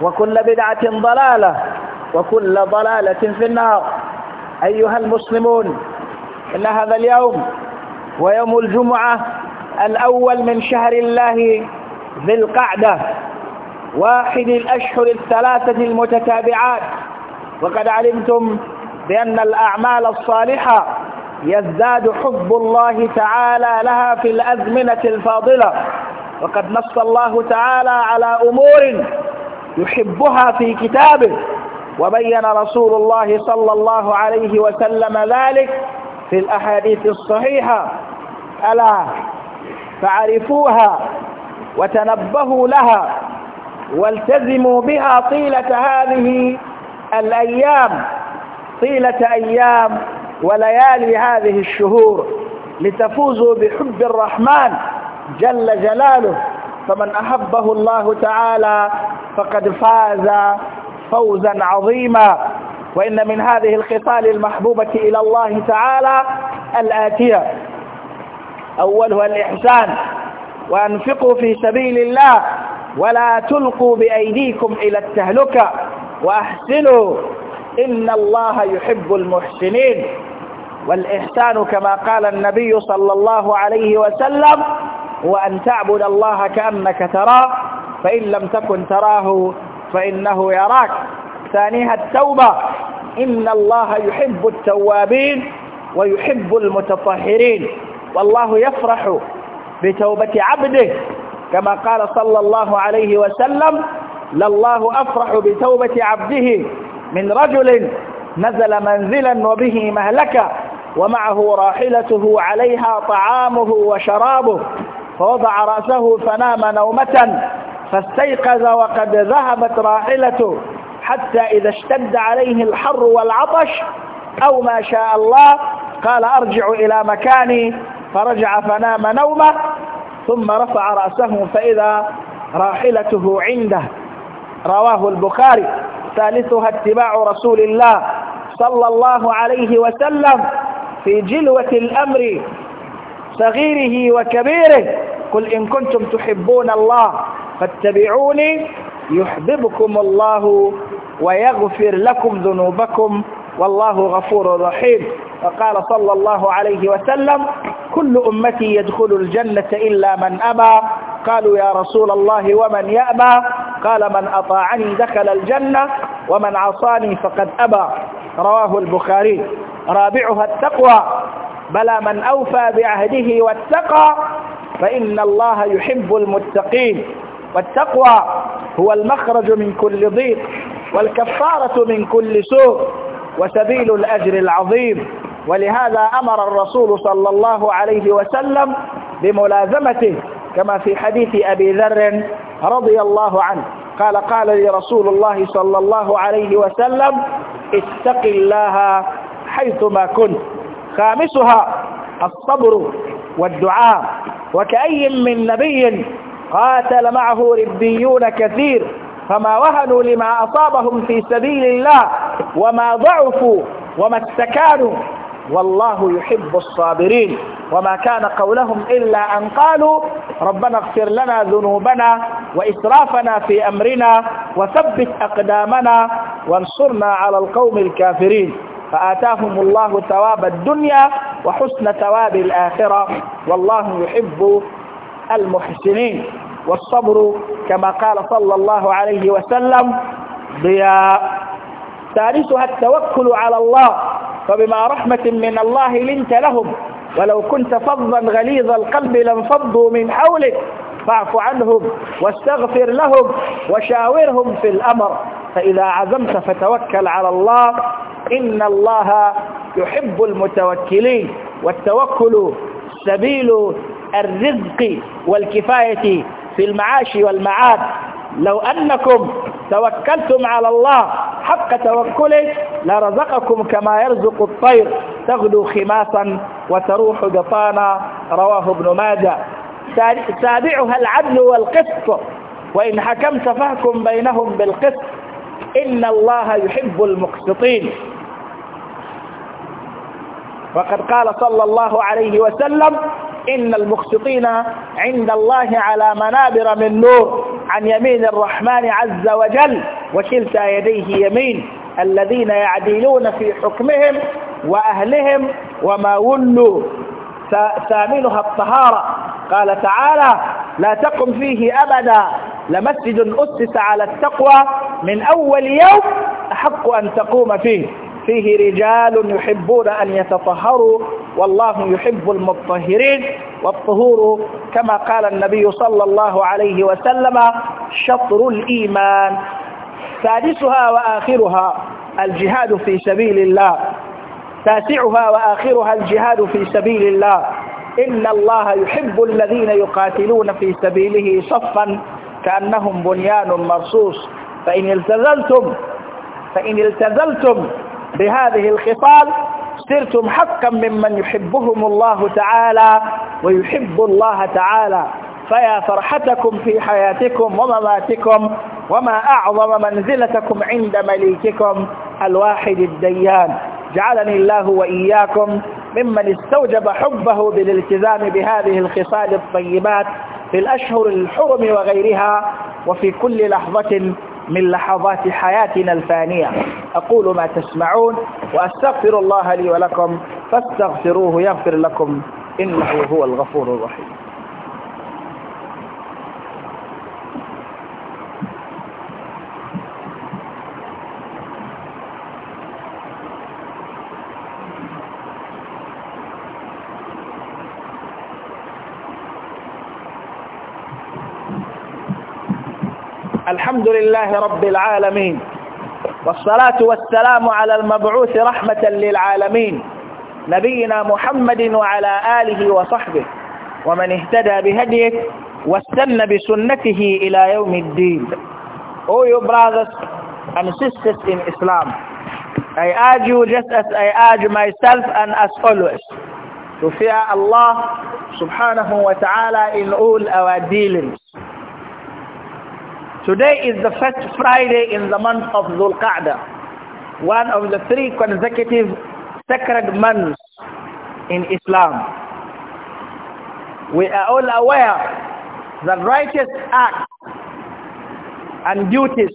وكل بدعة ضلالة وكل ضلالة في النار أيها المسلمون إن هذا اليوم ويوم الجمعة الأول من شهر الله ذي القعدة واحد الأشهر الثلاثة المتتابعات وقد علمتم بأن الأعمال الصالحة يزداد حب الله تعالى لها في الأزمنة الفاضلة وقد نص الله تعالى على أمور يحبها في كتابه وبين رسول الله صلى الله عليه وسلم ذلك في الأحاديث الصحيحة ألا فعرفوها وتنبهوا لها والتزموا بها طيلة هذه الأيام طيلة أيام وليالي هذه الشهور لتفوزوا بحب الرحمن جل جلاله فمن أحبه الله تعالى فقد فاز فوزا عظيما وإن من هذه الخصال المحبوبة إلى الله تعالى الآتية أولها الإحسان وأنفقوا في سبيل الله ولا تلقوا بأيديكم إلى التهلكة وأحسنوا إن الله يحب المحسنين والإحسان كما قال النبي صلى الله عليه وسلم وأن تعبد الله كأنك تراه فإن لم تكن تراه فإنه يراك ثانيها التوبة إن الله يحب التوابين ويحب المتطهرين والله يفرح بتوبة عبده كما قال صلى الله عليه وسلم لله أفرح بتوبة عبده من رجل نزل منزلا وبه مهلكة ومعه راحلته عليها طعامه وشرابه فوضع رأسه فنام نومة فاستيقظ وقد ذهبت راحلته حتى إذا اشتد عليه الحر والعطش أو ما شاء الله قال أرجع إلى مكاني فرجع فنام نومه ثم رفع رأسه فإذا راحلته عنده رواه البخاري ثالثها اتباع رسول الله صلى الله عليه وسلم في جلوة الأمر صغيره وكبيره قل إن كنتم تحبون الله فاتبعوني يحببكم الله ويغفر لكم ذنوبكم والله غفور رحيم فقال صلى الله عليه وسلم كل أمتي يدخل الجنة إلا من أبى قالوا يا رسول الله ومن يأبى قال من أطاعني دخل الجنة ومن عصاني فقد أبى رواه البخاري رابعها التقوى بلى من أوفى بعهده واتقى فإن الله يحب المتقين والتقوى هو المخرج من كل ضيق والكفارة من كل سوء وسبيل الأجر العظيم ولهذا أمر الرسول صلى الله عليه وسلم بملازمته كما في حديث أبي ذر رضي الله عنه قال قال لي رسول الله صلى الله عليه وسلم اتق الله حيثما كنت خامسها الصبر والدعاء وكأي من نبي قاتل معه ربيون كثير فما وهنوا لما أصابهم في سبيل الله وما ضعفوا وما استكانوا والله يحب الصابرين وما كان قولهم إلا أن قالوا ربنا اغفر لنا ذنوبنا وإسرافنا في أمرنا وثبت أقدامنا وانصرنا على القوم الكافرين فآتاهم الله ثواب الدنيا وحسن ثواب الآخرة والله يحب المحسنين والصبر كما قال صلى الله عليه وسلم ضياء ثالثها التوكل على الله فبما رحمة من الله لنت لهم ولو كنت فظا غليظ القلب لانفضوا من حولك فاعف عنهم واستغفر لهم وشاورهم في الأمر فإذا عزمت فتوكل على الله إن الله يحب المتوكلين والتوكل سبيل الرزق والكفاية في المعاش والمعاد لو أنكم توكلتم على الله حق توكله لرزقكم كما يرزق الطير تغدو خماسا وتروح دفانا رواه ابن ماجه تابعها العدل والقسط وإن حكمت فاحكم بينهم بالقسط إن الله يحب المقسطين وقد قال صلى الله عليه وسلم إن المقسطين عند الله على منابر من نور عن يمين الرحمن عز وجل وكلتا يديه يمين الذين يعدلون في حكمهم وأهلهم وما ولوا ثامنها الطهارة قال تعالى لا تقم فيه أبدا لمسجد أسس على التقوى من أول يوم أحق أن تقوم فيه فيه رجال يحبون أن يتطهروا والله يحب المطهرين والطهور كما قال النبي صلى الله عليه وسلم شطر الإيمان سادسها وآخرها الجهاد في سبيل الله تاسعها وآخرها الجهاد في سبيل الله إن الله يحب الذين يقاتلون في سبيله صفا كأنهم بنيان مرصوص فإن التزلتم فإن التزلتم بهذه الخصال صرتم حقا ممن يحبهم الله تعالى ويحب الله تعالى فيا فرحتكم في حياتكم ومماتكم وما أعظم منزلتكم عند مليككم الواحد الديان جعلني الله وإياكم ممن استوجب حبه بالالتزام بهذه الخصال الطيبات في الأشهر الحرم وغيرها وفي كل لحظة من لحظات حياتنا الفانية أقول ما تسمعون وأستغفر الله لي ولكم فاستغفروه يغفر لكم إنه هو الغفور الرحيم الحمد لله رب العالمين والصلاة والسلام على المبعوث رحمة للعالمين نبينا محمد وعلى آله وصحبه ومن اهتدى بهديه واستنى بسنته إلى يوم الدين Oh you brothers and sisters in Islam I urge you just as I urge myself and as always to fear Allah subhanahu wa ta'ala in all our dealings Today is the first Friday in the month of Dhul Qa'dah, one of the three consecutive sacred months in Islam. We are all aware that righteous acts and duties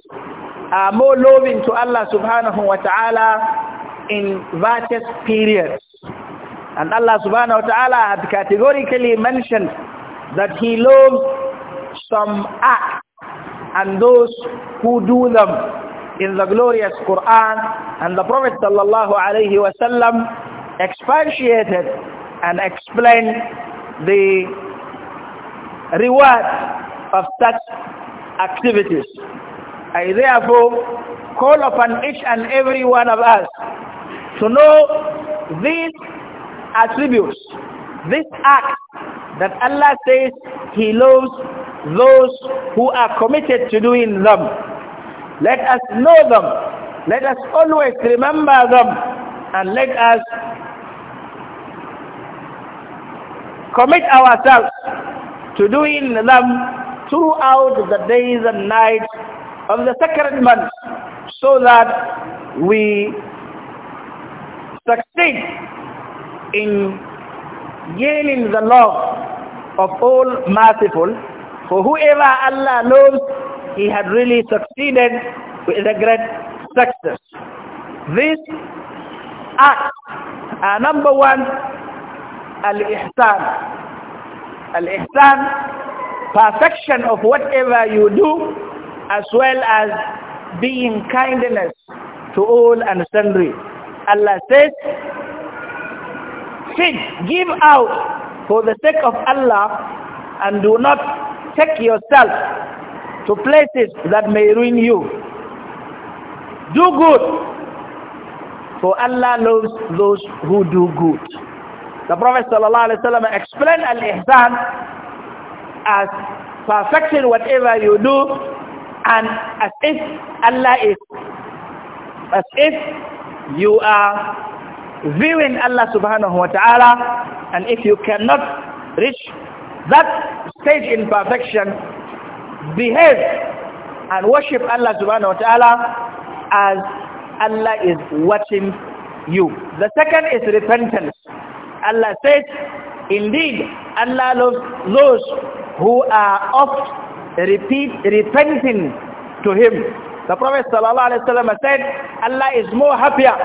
are more loving to Allah subhanahu wa ta'ala in various periods. And Allah subhanahu wa ta'ala had categorically mentioned that he loves some acts and those who do them in the glorious Quran and the Prophet sallallahu expatiated and explained the reward of such activities. I therefore call upon each and every one of us to know these attributes, this act that Allah says He loves those who are committed to doing them. Let us know them. Let us always remember them. And let us commit ourselves to doing them throughout the days and nights of the sacred month so that we succeed in gaining the love of all merciful for whoever Allah knows, he had really succeeded with a great success. This act, our uh, number one, al-ihsan. Al-ihsan, perfection of whatever you do, as well as being kindness to all and sundry. Allah says, feed, give out for the sake of Allah and do not take yourself to places that may ruin you. Do good, for Allah loves those who do good. The Prophet ﷺ explained al-ihsan as perfecting whatever you do and as if Allah is, as if you are viewing Allah subhanahu wa ta'ala and if you cannot reach that stage in perfection behave and worship Allah subhanahu wa ta'ala as Allah is watching you. The second is repentance. Allah says, indeed, Allah loves those who are oft repeat, repenting to Him. The Prophet ﷺ said, Allah is more happier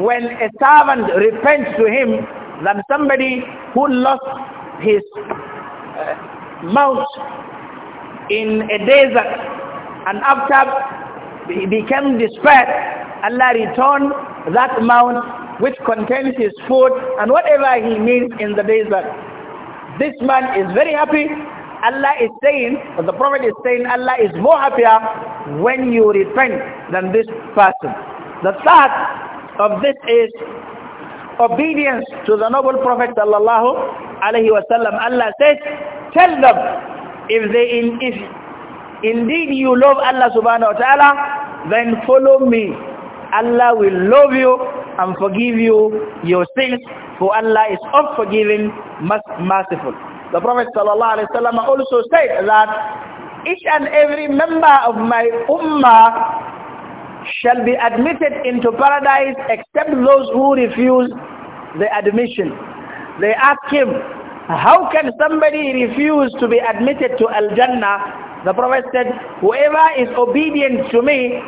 when a servant repents to Him than somebody who lost his mount in a desert and after he became despaired Allah returned that mount which contains his food and whatever he needs in the desert this man is very happy Allah is saying the prophet is saying Allah is more happier when you repent than this person the third of this is obedience to the noble Prophet sallallahu alaihi wasallam. Allah says, tell them if they in, if indeed you love Allah subhanahu wa ta'ala, then follow me. Allah will love you and forgive you your sins, for Allah is oft forgiving, most merciful. The Prophet sallallahu alaihi wasallam also said that each and every member of my ummah shall be admitted into paradise except those who refuse the admission. They ask him, how can somebody refuse to be admitted to Al-Jannah? The Prophet said, whoever is obedient to me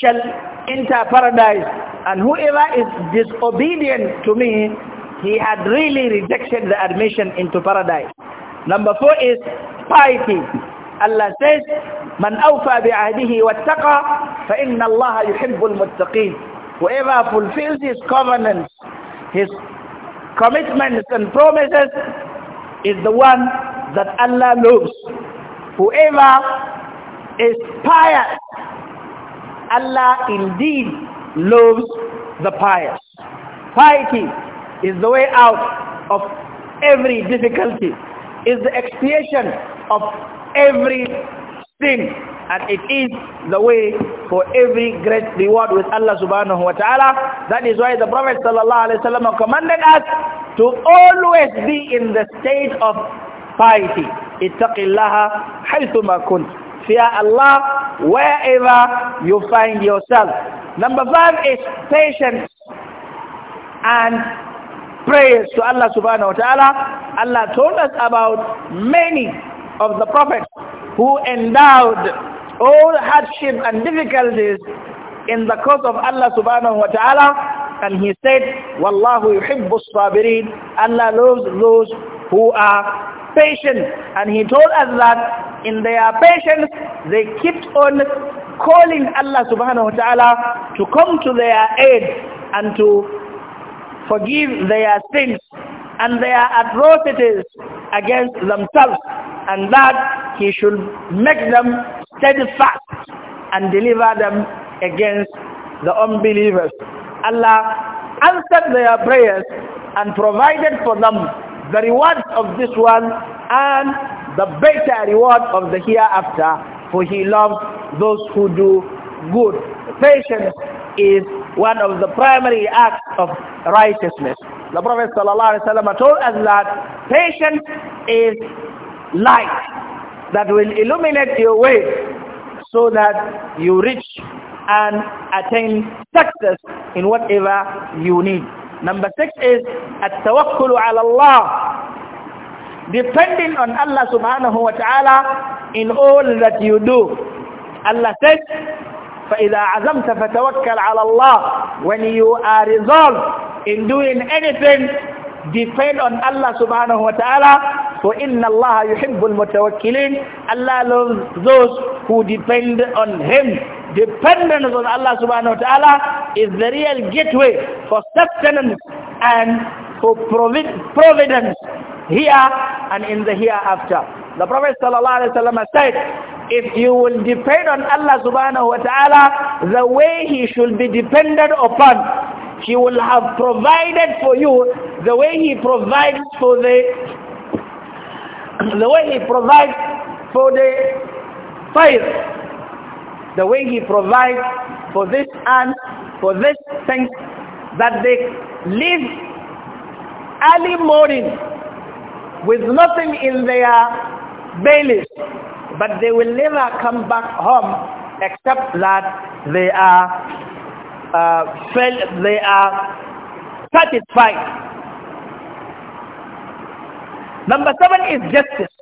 shall enter paradise. And whoever is disobedient to me, he had really rejected the admission into paradise. Number four is piety. Allah says, Man awfa bi'ahdihi wattaqa fa inna Allah yuhibbul Whoever fulfills his covenants, his commitments and promises is the one that Allah loves. Whoever is pious, Allah indeed loves the pious. Piety is the way out of every difficulty, is the expiation of every sin and it is the way for every great reward with Allah subhanahu wa ta'ala that is why the prophet sallallahu alaihi wasallam commanded us to always be in the state of piety ittaqillaha haythuma kunt fear Allah wherever you find yourself number 5 is patience and prayers to Allah subhanahu wa ta'ala Allah told us about many of the Prophet who endowed all hardship and difficulties in the cause of Allah subhanahu wa ta'ala and he said wallahu yuhibbu sabirin Allah loves those who are patient and he told us that in their patience they kept on calling Allah subhanahu wa ta'ala to come to their aid and to forgive their sins and their atrocities against themselves and that he should make them steadfast and deliver them against the unbelievers. Allah answered their prayers and provided for them the reward of this one and the better reward of the hereafter for he loves those who do good. Patience is one of the primary acts of righteousness. The Prophet ﷺ told us that patience is light that will illuminate your way so that you reach and attain success in whatever you need. Number six is at tawakkul ala Allah. Depending on Allah subhanahu wa ta'ala in all that you do. Allah says, فإذا عزمت فتوكل على Allah when you are resolved in doing anything depend on Allah subhanahu wa ta'ala for inna Allah yuhibbul mutawakkilin Allah loves those who depend on him dependence on Allah subhanahu wa ta'ala is the real gateway for sustenance and for provid providence here and in the hereafter the prophet sallallahu alaihi wasallam said if you will depend on Allah subhanahu wa ta'ala the way he should be depended upon he will have provided for you the way he provides for the the way he provides for the fire the way he provides for this and for this thing that they live early morning with nothing in their bellies but they will never come back home except that they are uh, they are satisfied. Number seven is justice.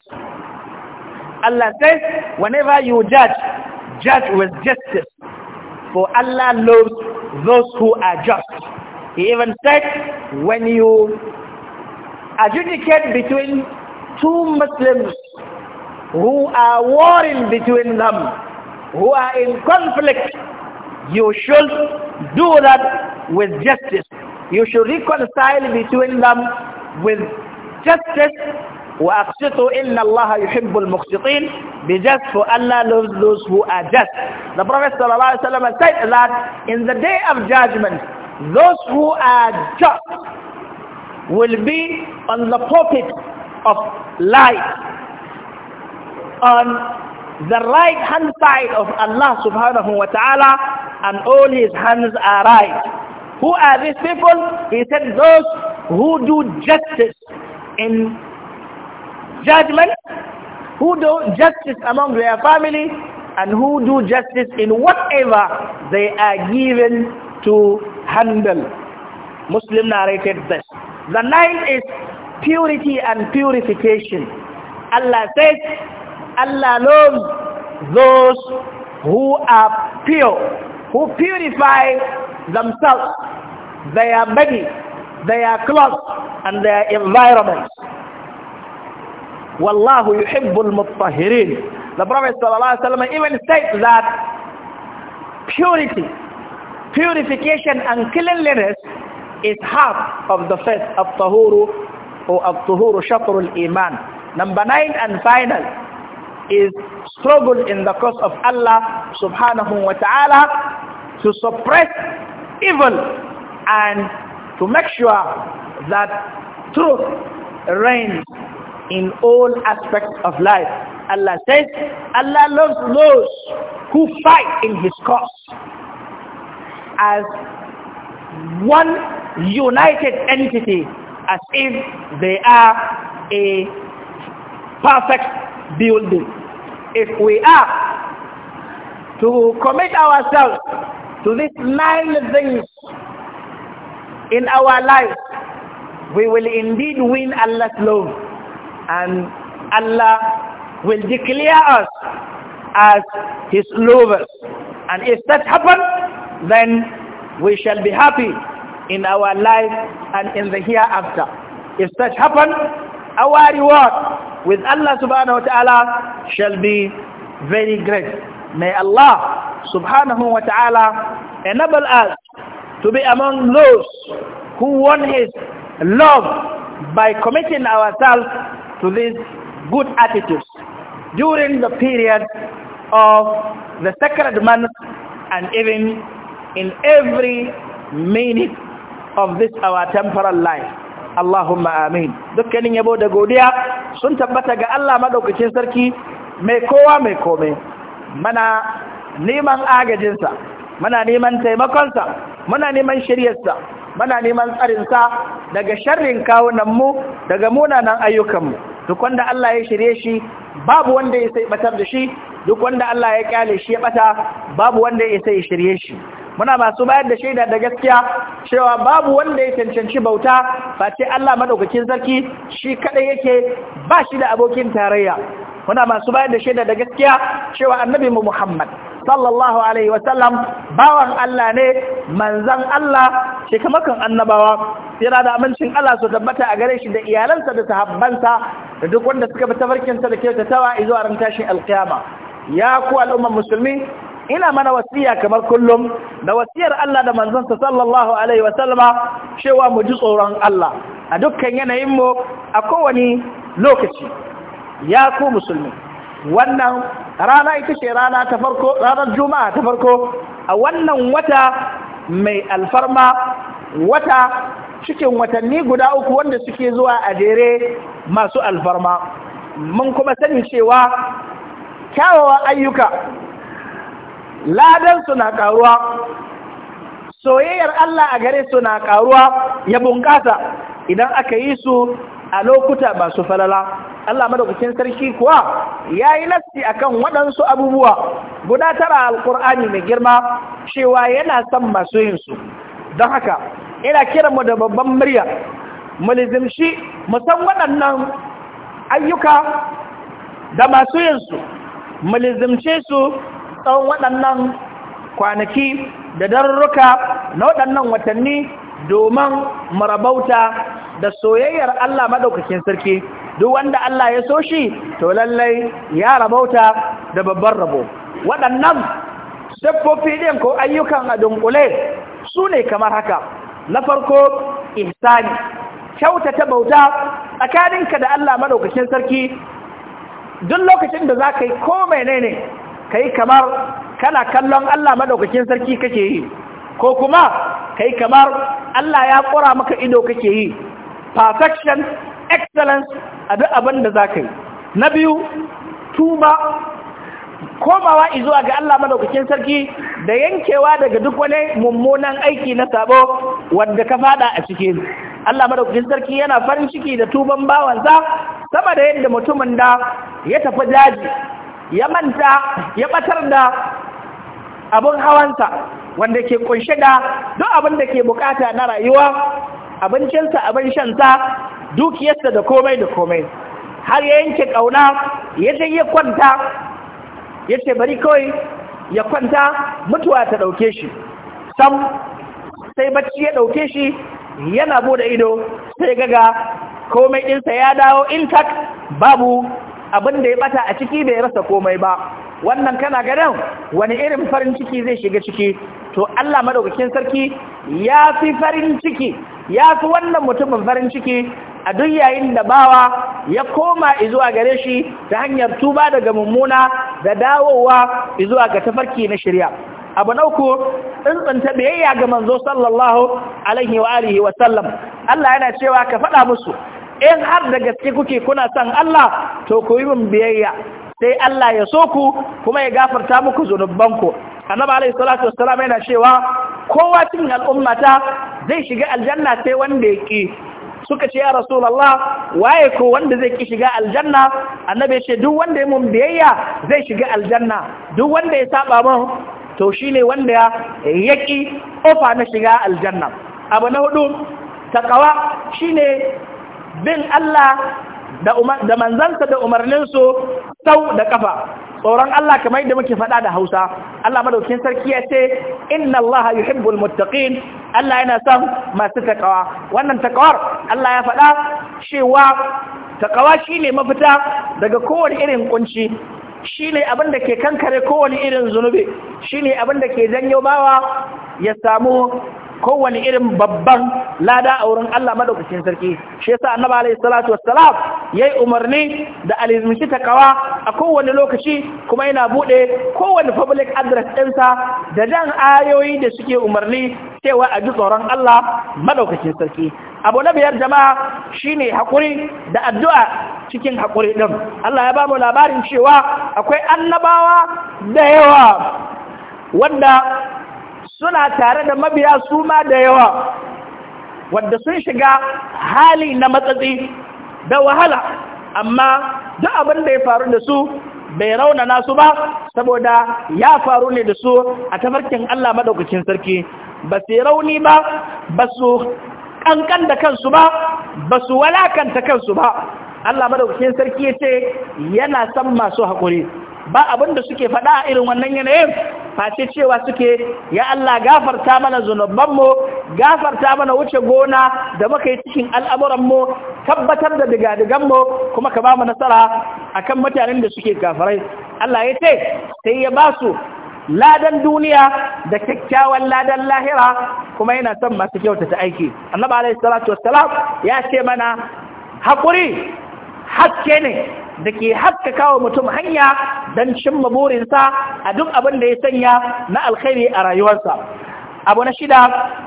Allah says, whenever you judge, judge with justice. For Allah loves those who are just. He even said, when you adjudicate between two Muslims who are warring between them, who are in conflict, you should do that with justice. You should reconcile between them with justice. وَأَقْسِطُوا إِنَّ اللَّهَ يُحِبُّ الْمُقْسِطِينَ Be just for Allah loves those who are just. The Prophet ﷺ said that in the day of judgment, those who are just will be on the pulpit of light on the right hand side of Allah subhanahu wa ta'ala and all his hands are right. Who are these people? He said those who do justice in judgment, who do justice among their family and who do justice in whatever they are given to handle. Muslim narrated this. The ninth is purity and purification. Allah says, Allah loves those who are pure, who purify themselves, their body, their clothes, and their environment. Wallahu yuhibbul mutahhirin. The Prophet even said that purity, purification and cleanliness is half of the faith of tahuru or of tahuru shatrul iman. Number nine and final is struggle in the cause of Allah subhanahu wa ta'ala to suppress evil and to make sure that truth reigns in all aspects of life. Allah says, Allah loves those who fight in his cause as one united entity as if they are a perfect building if we are to commit ourselves to these nine things in our life, we will indeed win Allah's love and Allah will declare us as his lovers. And if that happens, then we shall be happy in our life and in the hereafter. If that happens, our reward with Allah subhanahu wa ta'ala shall be very great. May Allah subhanahu wa ta'ala enable us to be among those who won his love by committing ourselves to these good attitudes during the period of the sacred month and even in every minute of this our temporal life. Allahumma ameen. Dukkanin yabo da godiya sun tabbata ga Allah maɗaukacin sarki mai kowa mai kome mana neman agajinsa mana neman taimakonsa mana neman shiryarsa mana neman tsarinsa daga sharrin kawunanmu daga munanan ayyukanmu duk wanda Allah ya shirye shi babu wanda ya sai batar da shi duk wanda Allah ya kyale shi ya bata babu wanda ya sai shirye shi muna masu bayar da shaida da gaskiya cewa babu wanda ya cancanci bauta face Allah madaukakin sarki shi kadai yake ba shi da abokin tarayya muna masu bayar da shaida da gaskiya cewa annabi mu Muhammad sallallahu alaihi wasallam bawan Allah ne manzan Allah shi kamakan annabawa yana da amincin Allah su tabbata a gare shi da iyalansa da sahabbansa da duk wanda suka bi tabarkinsa da kyautatawa izuwa ran tashin alkiyama ya ku al'ummar musulmi ina mana wasiya kamar kullum da wasiyar Allah da manzonsa sallallahu alaihi wasallama cewa mu ji tsoron Allah a dukkan yanayin mu a kowani lokaci ya ku musulmi wannan rana ita ce rana ta farko ranar juma'a ta farko a wannan wata mai alfarma wata cikin watanni guda uku wanda suke zuwa a masu alfarma mun kuma sani cewa kyawawan ayyuka ladansu na ƙaruwa soyayyar Allah a gare su na ƙaruwa ya bunƙasa idan aka yi su a lokuta masu falala Allah madaukakin sarki kuwa ya yi nasti a kan waɗansu abubuwa guda tara alƙur'ani mai girma cewa yana son masu su don haka ina mu da babban murya mu lizimshi mu san waɗannan ayyuka da masu yinsu mu lizimce su tsawon waɗannan kwanaki da darurruka na waɗannan watanni domin marabauta da soyayyar Allah maɗaukakin sarki duk wanda Allah ya so shi to lallai ya rabauta da babban rabo waɗannan siffofi ɗin ko ayyukan a dunkule su ne kamar haka na farko ihsani kyautata bauta tsakaninka da Allah maɗaukakin sarki duk lokacin da za ka yi ko menene kai kamar kana kallon Allah madaukakin sarki kake yi ko kuma kai kamar Allah ya ƙora maka ido kake yi perfection excellence a duk abin da za ka yi na biyu tuba komawa izuwa ga Allah madaukakin sarki da yankewa daga duk wani mummunan aiki na sabo wanda ka fada a ciki. Allah madaukakin sarki yana farin ciki da tuban bawansa sama da yadda mutumin da ya tafi daji ya manta ya batar da abin hawansa wanda ke kunshe da duk abin da ke bukata na rayuwa abincinsa abin shansa dukiyarsa da komai da komai har ya yanke kauna ya je ya kwanta ya ce bari kawai ya kwanta mutuwa ta dauke shi sam sai bacci ya dauke shi yana bude ido sai gaga komai ɗinsa ya dawo intact babu abin da ya bata a ciki bai rasa komai ba wannan kana ganin wani irin farin ciki zai shiga ciki to Allah madaukakin sarki ya fi farin ciki ya fi wannan mutumin farin ciki a duk yayin da bawa ya koma zuwa gare shi ta hanyar tuba daga mummuna da dawowa izuwa ga tafarki na shirya abu na uku tsantsanta biyayya ga manzo sallallahu alaihi wa alihi wa sallam Allah yana cewa ka faɗa musu in har da gaske kuke kuna son Allah to ku yi min biyayya sai Allah ya so ku kuma ya gafarta muku zunubanku annabi alayhi salatu wassalam yana cewa kowa cikin al'ummata zai shiga aljanna sai wanda ya ki suka ce ya rasulullah waye ko wanda zai ki shiga aljanna annabi ya ce duk wanda ya mun biyayya zai shiga aljanna duk wanda ya saba mun to shine wanda ya yaki ofa na shiga aljanna abu na hudu takawa shine bin Allah da manzansa da umarninsu sau da kafa tsoron Allah kamar yadda muke faɗa da Hausa Allah madaukin sarki ya ce inna Allah yuhibbul muttaqin Allah yana son masu takawa wannan takawar Allah ya faɗa cewa takawa shine mafita daga kowane irin kunci shine abin da ke kankare kowane irin zunubi shine abin da ke janyo bawa ya samu kowane irin babban lada a wurin Allah madaukakin sarki shi yasa annabi alayhi salatu wassalam yayi umarni da ta kawa a kowane lokaci kuma yana bude kowane public address ɗinsa da jan ayoyi da suke umarni cewa a ji tsoron Allah madaukakin sarki abu na biyar jama'a shine hakuri da addu'a cikin hakuri din Allah ya ba mu labarin cewa akwai annabawa da yawa wanda suna tare da mabiya su ma da yawa wadda sun shiga hali na matsatsi da wahala amma duk abin da ya faru da su bai rauna nasu ba saboda ya faru ne da su a tafarkin Allah madaukakin sarki ba su rauni ba ba su kankan da kansu ba ba su walakanta kansu ba Allah madaukakin sarki ya ce yana san masu haƙuri ba abin da suke faɗa a irin wannan yanayin face cewa suke ya Allah gafarta mana zunubanmu gafarta mana wuce gona da muka yi cikin mu tabbatar da mu kuma ka ba mu nasara akan mutanen da suke gafarai Allah ya ce sai ya ba su ladan duniya da kyakkyawan ladan lahira kuma yana son masu kyauta ta aiki annabi alaihi salatu wassalam ya ce mana hakuri haske ne da ke haskaka wa mutum hanya don cimma burinsa a duk abin da ya sanya na alkhairi a rayuwarsa abu na shida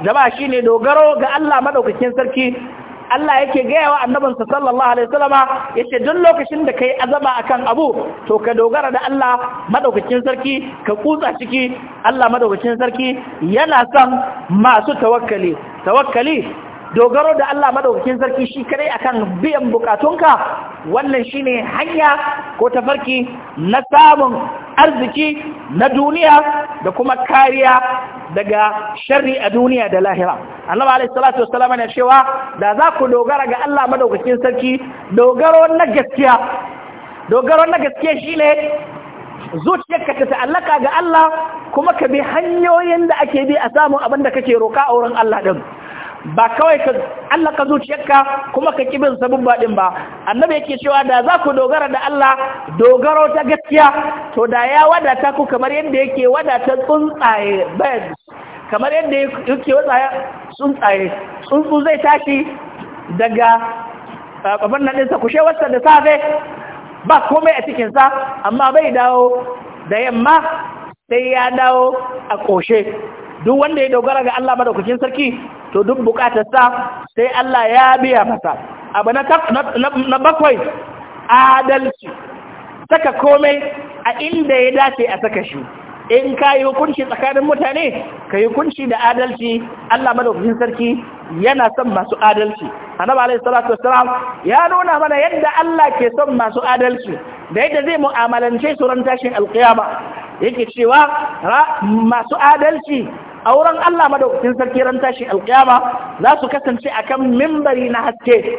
jama'a ne dogaro ga Allah maɗaukakin sarki Allah yake gaya wa annabinsa sallallahu alaihi wasallama ce duk lokacin da ka yi azaba kan abu to ka dogara da Allah maɗaukakin sarki ka kutsa ciki Allah maɗaukakin sarki yana son masu tawakkali tawakkali dogaro da Allah madaukakin sarki shi kadai akan biyan bukatunka wannan shine hanya ko tafarki na samun arziki na duniya da kuma kariya daga sharri a duniya da lahira annabi alayhi salatu ne cewa da za ku dogara ga Allah madaukakin sarki dogaro na gaskiya dogaro na gaskiya shine zuciyarka ta ta'allaka ga Allah kuma ka bi hanyoyin da ake bi a samun abin da kake roka a wurin Allah din ba kawai ka Allah ka zuciyarka kuma ka kibin sabubba baɗin ba annabi yake cewa da za ku dogara da Allah dogaro ta gaskiya to da ya wadata ku kamar yadda yake wadata tsuntsaye birds kamar yadda yake wadata tsuntsaye tsuntsu zai tashi daga babban nan ɗinsa kushe wasa da safe ba komai a cikinsa amma bai dawo da yamma sai ya dawo a ƙoshe duk wanda ya dogara ga Allah madaukakin sarki to duk bukatarsa sai Allah ya biya masa abu na bakwai adalci saka komai a inda ya dace a saka shi in ka yi hukunci tsakanin mutane ka yi hukunci da adalci Allah madaukakin sarki yana son masu adalci annabi alaihi salatu wassalam ya nuna mana yadda Allah ke son masu adalci da yadda zai mu'amalance su ran tashin alqiyama yake cewa masu adalci a wurin Allah madaukakin sarki ran tashi alƙiyama za su kasance a kan mimbari na haske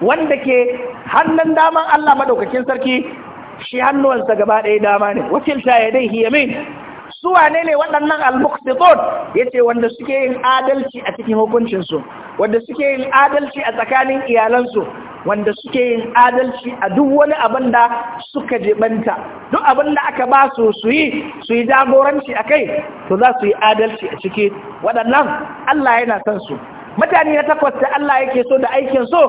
wanda ke hannun daman Allah madaukakin sarki shi hannuwansa gaba ɗaya dama ne wakilta ya dai hiyamin su wane ne waɗannan al ya ce wanda suke yin adalci a cikin hukuncinsu wanda suke yin adalci a tsakanin iyalansu wanda suke yin adalci a duk wani abin da suka jibanta duk abin da aka ba su su yi su yi jagoranci a kai to za su yi adalci a cikin waɗannan Allah yana son su mutane na takwas da Allah yake so da aikin so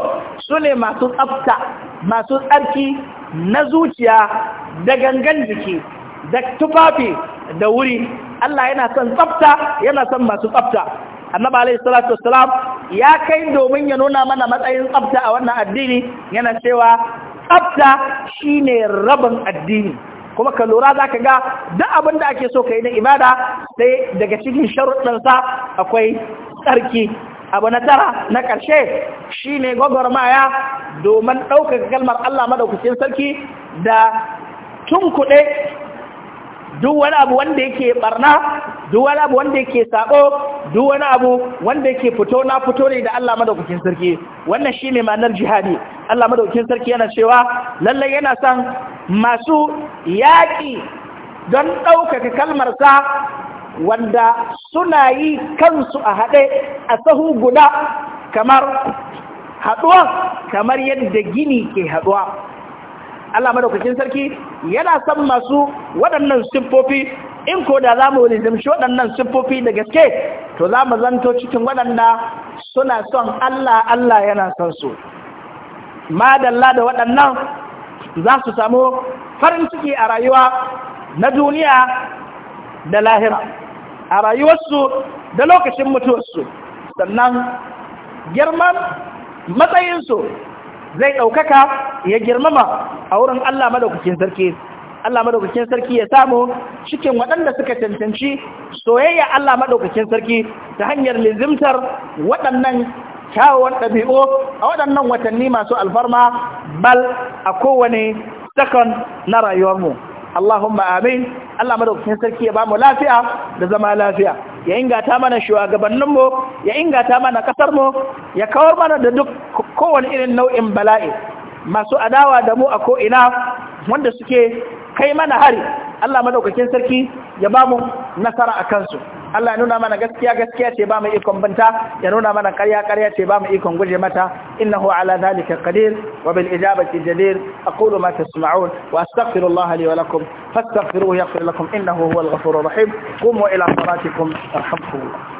su ne masu tsafta masu tsarki na zuciya da gangan jiki da tufafi da wuri Allah yana son tsafta yana son masu tsafta annabi alaihi salatu wassalam ya kai domin ya nuna mana matsayin tsafta a wannan addini yana cewa tsafta shine rabin addini kuma ka lura za ka ga duk abin da ake so ka yi na ibada sai daga cikin sharuɗinsa akwai tsarki abu na tara na ƙarshe shi ne gwagwarmaya domin ɗaukaka kalmar Allah madaukakin sarki da tunkuɗe duk wani abu wanda yake barna duk wani abu wanda yake sabo duk wani abu wanda yake fito na fito ne da Allah madaukakin sarki wannan shine ma'anar jihadi Allah madaukakin sarki yana cewa lalle yana san masu yaki don ɗaukaka kalmarsa wanda suna yi kansu a haɗe a sahu guda kamar haɗuwa kamar yadda gini ke haɗuwa Allah madaukakin sarki yana san masu waɗannan siffofi in ko da za mu rizimshi waɗannan siffofi da gaske to za mu zanto cikin waɗanda suna son Allah Allah yana son su madalla da waɗannan za su samu farin ciki a rayuwa na duniya da lahira a rayuwarsu da lokacin mutuwarsu sannan girman matsayinsu zai ɗaukaka ya girmama a wurin Allah madaukakin sarki Allah madaukakin sarki ya samu cikin waɗanda suka cancanci soyayya Allah madaukakin sarki ta hanyar lizimtar waɗannan kyawawan ɗabi'u a waɗannan watanni masu alfarma bal a kowane sakon na rayuwarmu Allahumma amin Allah madaukakin sarki ya ba mu lafiya da zama lafiya ya ingata mana shugabanninmu ya ingata mana ƙasarmu ya kawar mana da duk kowane irin nau'in bala'i masu adawa da mu a ko'ina wanda suke kai mana hari Allah madaukakin sarki ya ba mu nasara a kansu Allah ya nuna mana gaskiya gaskiya ce ba mu ikon banta ya nuna mana ƙarya ƙarya ce ba mu ikon guje mata inna innahu ala zalika qadir wa bil ijabati jadir aqulu ma tasma'un wa astaghfirullah li wa lakum fastaghfiruhu yaghfir lakum innahu huwal ghafurur rahim qumu ila salatikum arhamkumullah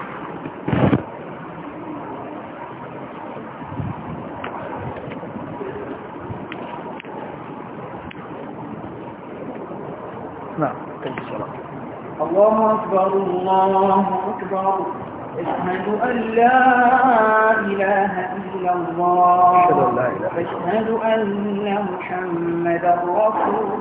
نعم الله أكبر الله أكبر أشهد أن لا إله إلا الله أشهد أن محمدا رسول